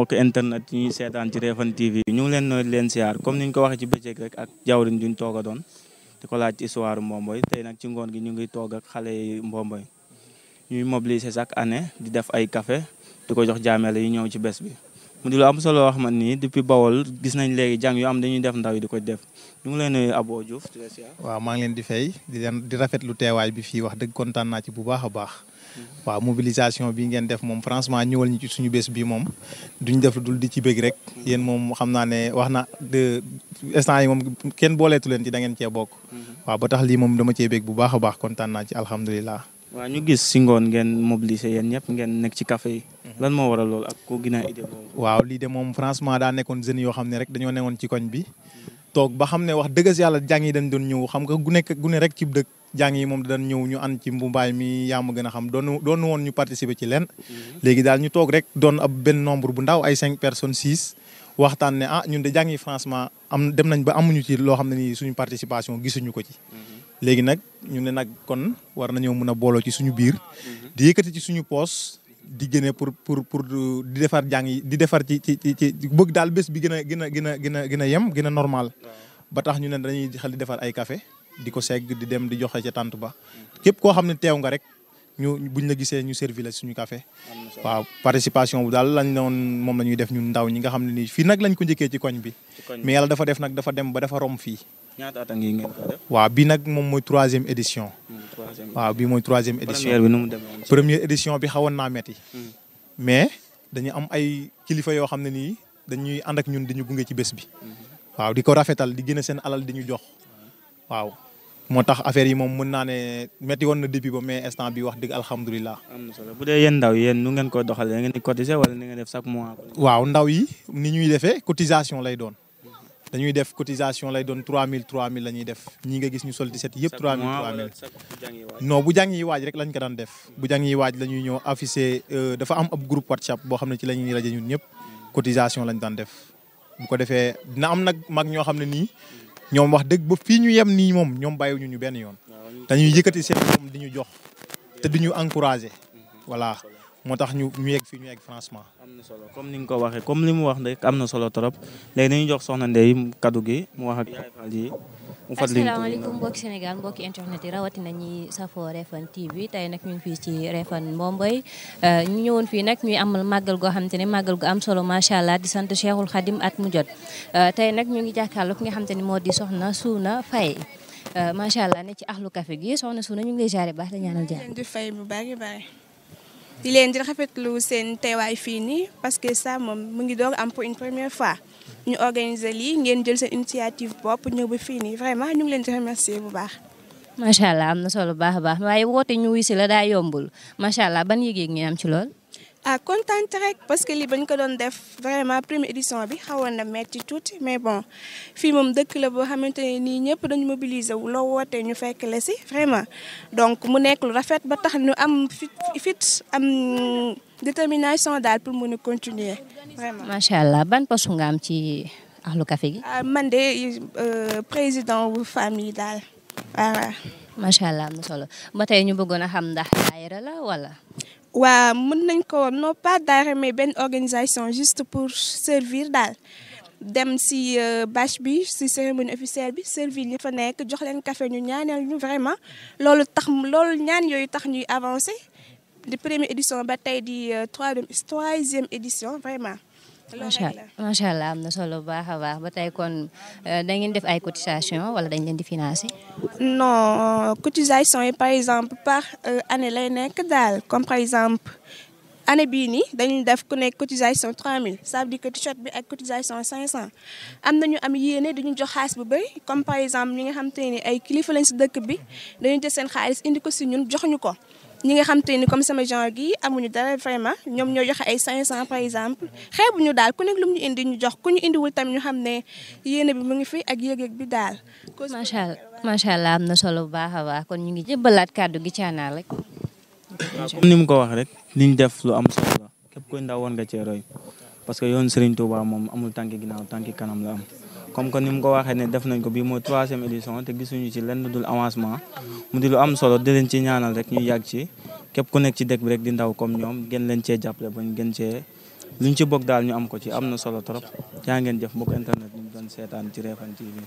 mbokk internet yi ñuy seetaan ci Refane TV ñu ngi leen nooy leen siyaar comme niñ ko waxee ci bëccëg rek ak jawriñ duñ toog doon di ko laaj histoire Mbomboy gi ñu ngi toog ak xale yi Mbomboy ñuy mobiliser chaque année di def ay kafe di ko jox jaamele yi ñëw ci bés bi mu di lu am solo wax man nii depuis Bawol gis nañ léegi jàng yu am dañuy def ndaw yi di ko def ñu ngi leen nuyu Abo Diouf waaw maa ngeen di fay di leen di lu teewaay bi fi wax dëgg kontaan naa ci bu baax a baax waaw mobilisation bi ngeen def moom franchement ñëwal ñu ci suñu bés bi moom duñ def dul di ci bëgg rek yéen moom xam naa ne wax na de instant yi moom kenn booleetu leen ci dangeen ngeen cee bokk. Mhm. waaw ba tax lii moom dama cee bëgg bu baax baax kontaan naa ci alhamdulilah. ñu gis si ngoon ngeen mobiliser yéen ñëpp ngeen nekk ci kafe yi. Mhm. lan moo waral lool ak ko ginnaaw idée boobu. waaw lii de moom francement daa nekkoon jeunes yoo xam ne rek dañoo newoon ci koñ bi. Mhm. toog ba xam ne wax dëgg yàlla jàng yi dañ doon ñëw xam nga gu nekk gu ne rek ci dëkk jàng yi moom dañ ñëw ñu an ci mbuumbaay mi yaa ma gën a xam doon doon woon ñu participer ci leen mhm. léegi daal ñu toog rek doon ab benn nombre bu ndaw ay cinq personnes six waxtaan ne ah ñun de jàng yi franchement am dem nañ ba amuñu ci loo xam ne nii suñu participation gisuñu ko ci mhm. léegi nag ñu ne nag kon war nañoo mën a booloo ci suñu biir mhm. di yëkkati ci suñu poos di gën pour pour pour euh, di defar jàng yi di defar ci ci ci ci bëgg daal bés bi gën a gën a gën a gën a gën a yem gën a normal ba tax ñu ne dañuy xel di defar ay kafe di ko segg di dem di joxe ca tànt ba képp koo xam ne teew nga rek ñu buñ la gisee ñu servi la suñu café waaw participation bu daal lañ ne woon moom la ñuy def ñu ndaw ñi nga xam ne nii fii nag lañ ko njëkkee ci koñ bi mais yàlla dafa def nag dafa dem ba dafa rom fii ñaata at a waaw bi nag moom mooy troisième édition. waaw bi mooy troisième édition première bi nu mu demee première édition bi xawoon naa metti. Hmm. mais dañu am ay kilifa yoo xam ne nii dañuy ànd ak ñun dañu gunge ci bés bi. Hmm. waaw di ko rafetal di génne seen alal di ñu jox. waaw moo tax affaire yi moom mën naa ne métti woon na depuis ba mais instant bi wax dëgg alhamdulilah. am na solo bu dee yéen ndaw yéen nu ngeen ko doxalee da ngeen di cotiser wala ni ngeen def mois. waaw ndaw yi ni ñuy defee cotisation lay doon. dañuy def cotisation lay doon 3000 3000 la ñuy def ñi nga gis ñu sol 17 yëpp 3000 3000 non bu jàng yi waaj rek lañ ko daan def bu jàng yi waaj lañuy ñëw affiché euh, dafa am ab groupe whatsapp boo xam ne ci la ñuy rajo ñun ñëpp cotisation lañ daan def bu ko defee dina am nag mag ñoo xam ne nii ñoom wax dëgg ba fii ñu yem nii moom ñoom bàyyiwuñu ñu ñu benn yoon dañuy yëkkati seen moom di ñu jox te di ñu encouragé mm-hmm. voilà moo tax ñu ñu yegg fii ñu yegg franchement. comme ni nga ko waxee comme li mu wax rek am na solo trop léegi dañuy jox soxna Ndeye kaddu gi mu wax ak yaay Fall ji mu fàttali asalaamaaleykum mbokki Sénégal mbokki internet yi rawatina ñi safoo Refane TV tey nag ñu ngi fii ci Refane Mbomboy euh, ñu ñëwoon fii nag ñuy amal màggal goo xamante ne màggal gu am solo macha allah di sant Cheikhul Khadim at mu jot euh, tey nag ñu ngi jàkkaarloo ki nga xamante ni moo di soxna Suuna Faye euh, macha allah ne ci axlu café gi soxna Suuna ñu ngi lay jaare baax la ñaanal jaar di fay bu baax baax di leen di rafetlu seen teewaay fii nii parce que ça moom mu ngi door am pour une première fois ñu organiser lii ngeen jël seen initiative bopp ñëw ba fii nii vraiment ñu ngi leen di remercier bu baax. macha allah am na solo bu baax a baax waaye woote ñu wuy si la daa yombul macha allah ban yëg-yëg ngeen am ci lool. À ah, contente rek parce que li bañ ko doon def vraiment première édition bi xawoon na metti tuuti mais bon fii moom dëkk la boo xamante ni nii ñëpp dañu mobiliser wu loo wootee ñu fekk la si vraiment donc mu nekk lu rafet ba tax ñu am fit am détermination daal pour mën a continuer vraiment. macha allah ban poste nga am ci ahlu café gi. Ah, man de euh, président wu famille daal voilà macha allah am na solo ba tey ñu bëggoon a xam ndax la wala waaw mën nañ ko non pas daara mais organisation juste pour servir dal. dem si euh, bâche bi si cérémonie officielle bi servir ñi fa nek jox leen café ñu ñaanal ñu vraiment loolu tax loolu ñaan yoyu tax ñuy avancé di première édition ba tay di 3 euh, troisième édition vraiment macha allah macha am na solo bu baax a baax ba tey kon euh, da ngeen def ay cotisation wala dañ leen di financer. non cotisation yi par exemple par euh, année lay nekk daal comme par exemple année bii nii dañuy def ku nekk cotisation 3000 ça veut dire que t-shirt bi ak cotisation 500 am na ñu am yéene dañu jox xaalis bu bëri comme par exemple ñi nga xam te ne ay kilifa lañ si dëkk bi dañu jël seen xaalis indi ko si ñun jox ñu ko. ñi nga xam te ni comme sama genre gi amuñu dara vraiment ñoom ñoo joxe ay 500 par exemple ñu daal ku nekk lu mu ñu indi ñu jox ku ñu indiwul tamit ñu xam ne yéene bi mu ngi fi ak yëg-yëg bi daal. macha allah macha allah am na sol bu baax a baax kon ñu ngi jëbbalaat kàddu gi caanaa rek. waaw ni mu ko wax rek li ñu def lu am solo la képp koy ndaw war nga cee parce que yoon Serigne Touba moom amul tànki ginnaaw tànki kanam la am. comme que ni mu ko waxee ne def nañ ko bii mooy troisième édition te gisuñu ci lenn dul avancement mu di lu am solo di leen ci ñaanal rek ñu yàgg ci képp ku nekk ci deg bi rek di ndaw comme ñoom gën leen cee jàppale bañ gën cee luñ ci bokk daal ñu am ko ci am na solo trop yaa ngeen jëf mbokk internet ñu doon seetaan ci Refane TV